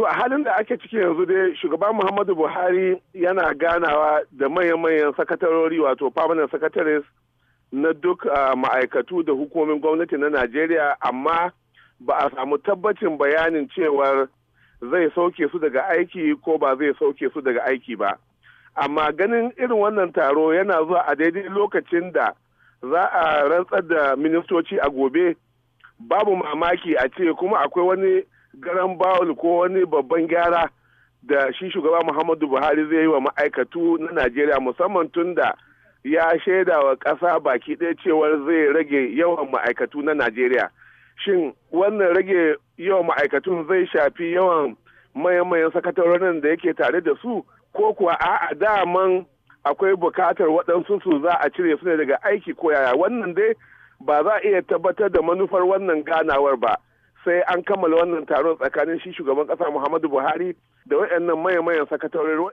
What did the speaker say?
To a halin da ake ciki yanzu dai shugaba Muhammadu Buhari yana ganawa da manyan-manyan sakatarori wato permanent secretaries na duk ma'aikatu da hukumomin gwamnati na Najeriya amma ba a samu tabbacin bayanin cewar zai sauke su daga aiki ko ba zai sauke su daga aiki ba. Amma ganin irin wannan taro yana zuwa a daidai lokacin da za a rantsar da ministoci a gobe babu mamaki a ce kuma akwai wani garan bawul ko wani babban gyara da shi shugaba muhammadu buhari zai yi wa ma'aikatu na najeriya musamman tun da ya shaida wa ƙasa baki ɗaya cewar zai rage yawan ma'aikatu na najeriya shin wannan rage yawan ma'aikatun zai shafi yawan mayan-mayan sakatarorin da yake tare da su ko kuwa a daman akwai bukatar waɗansu su za a cire su ne daga aiki ko yaya wannan dai ba za a iya tabbatar da manufar wannan ganawar ba sai an kammala wannan taron tsakanin shi shugaban kasa muhammadu buhari da waɗannan mayan-mayan sakatarori